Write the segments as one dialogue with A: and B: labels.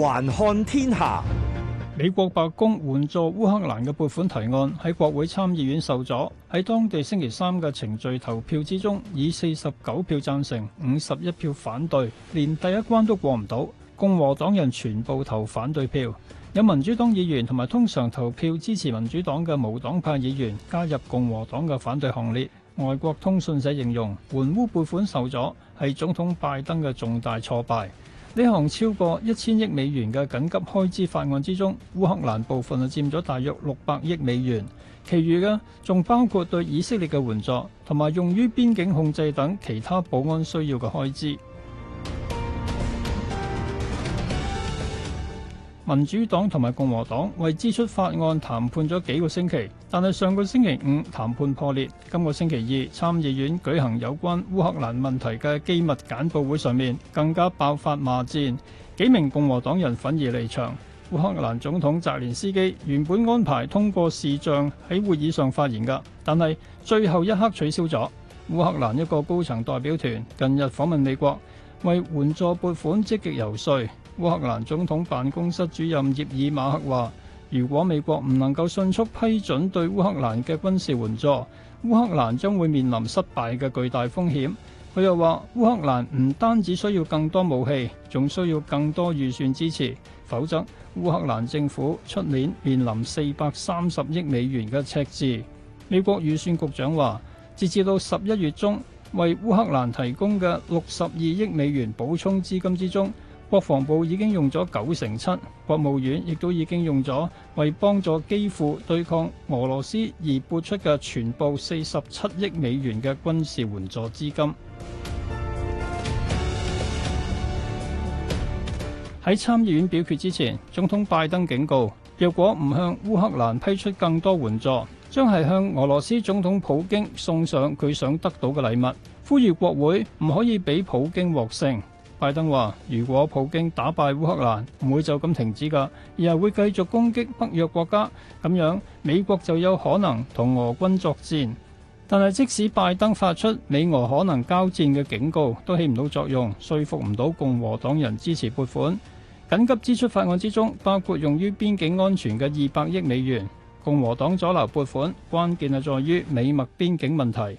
A: 環看天下，美國白宮援助烏克蘭嘅撥款提案喺國會參議院受阻，喺當地星期三嘅程序投票之中，以四十九票贊成、五十一票反對，連第一關都過唔到。共和黨人全部投反對票，有民主黨議員同埋通常投票支持民主黨嘅無黨派議員加入共和黨嘅反對行列。外國通訊社形容援烏撥款受阻係總統拜登嘅重大挫敗。呢項超過一千億美元嘅緊急開支法案之中，烏克蘭部分啊佔咗大約六百億美元，其餘嘅仲包括對以色列嘅援助同埋用於邊境控制等其他保安需要嘅開支。民主黨同埋共和黨為支出法案談判咗幾個星期，但係上個星期五談判破裂。今個星期二參議院舉行有關烏克蘭問題嘅機密簡報會上面，更加爆發罵戰，幾名共和黨人憤而離場。烏克蘭總統澤連斯基原本安排通過視像喺會議上發言㗎，但係最後一刻取消咗。烏克蘭一個高層代表團近日訪問美國。為援助撥款積極游說，烏克蘭總統辦公室主任葉爾馬克話：，如果美國唔能夠迅速批准對烏克蘭嘅軍事援助，烏克蘭將會面臨失敗嘅巨大風險。佢又話：，烏克蘭唔單止需要更多武器，仲需要更多預算支持，否則烏克蘭政府出年面臨四百三十億美元嘅赤字。美國預算局長話：，截至到十一月中，為烏克蘭提供嘅六十二億美元補充資金之中，國防部已經用咗九成七，國務院亦都已經用咗，為幫助基輔對抗俄羅斯而撥出嘅全部四十七億美元嘅軍事援助資金。喺 參議院表決之前，總統拜登警告，若果唔向烏克蘭批出更多援助，將係向俄羅斯總統普京送上佢想得到嘅禮物，呼籲國會唔可以俾普京獲勝。拜登話：如果普京打敗烏克蘭，唔會就咁停止㗎，而係會繼續攻擊北約國家。咁樣，美國就有可能同俄軍作戰。但係即使拜登發出美俄可能交戰嘅警告，都起唔到作用，說服唔到共和黨人支持撥款。緊急支出法案之中，包括用於邊境安全嘅二百億美元。共和黨阻撓撥款，關鍵係在於美墨邊境問題。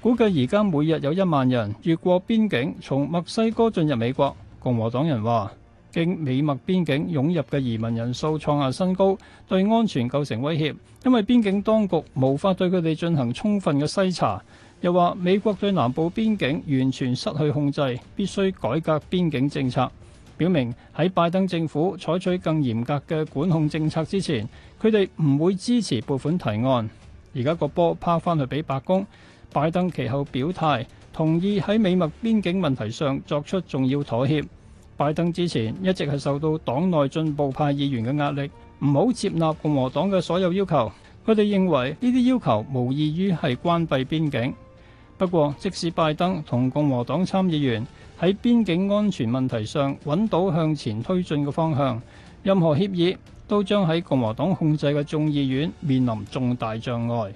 A: 估計而家每日有一萬人越過邊境，從墨西哥進入美國。共和黨人話，經美墨邊境湧入嘅移民人數創下新高，對安全構成威脅，因為邊境當局無法對佢哋進行充分嘅篩查。又話美國對南部邊境完全失去控制，必須改革邊境政策。表明喺拜登政府採取更嚴格嘅管控政策之前，佢哋唔會支持撥款提案。而家個波拋翻去俾白宮，拜登其後表態同意喺美墨邊境問題上作出重要妥協，拜登之前一直係受到黨內進步派議員嘅壓力，唔好接納共和黨嘅所有要求。佢哋認為呢啲要求無異於係關閉邊境。不過即使拜登同共和黨參議員，喺邊境安全問題上揾到向前推進嘅方向，任何協議都將喺共和黨控制嘅眾議院面臨重大障礙。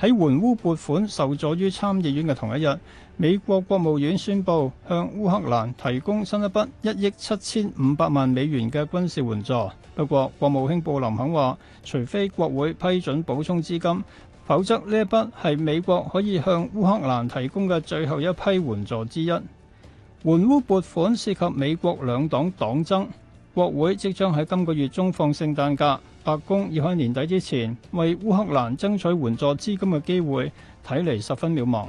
A: 喺援烏撥款受阻於參議院嘅同一日，美國國務院宣布向烏克蘭提供新一筆一億七千五百萬美元嘅軍事援助。不過，國務卿布林肯話，除非國會批准補充資金。否則呢一筆係美國可以向烏克蘭提供嘅最後一批援助之一。援烏撥款涉及美國兩黨黨爭，國會即將喺今個月中放聖誕假，白宮要喺年底之前為烏克蘭爭取援助資金嘅機會，睇嚟十分渺茫。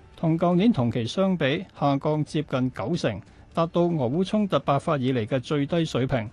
A: 同舊年同期相比，下降接近九成，達到俄烏衝突爆發以嚟嘅最低水平。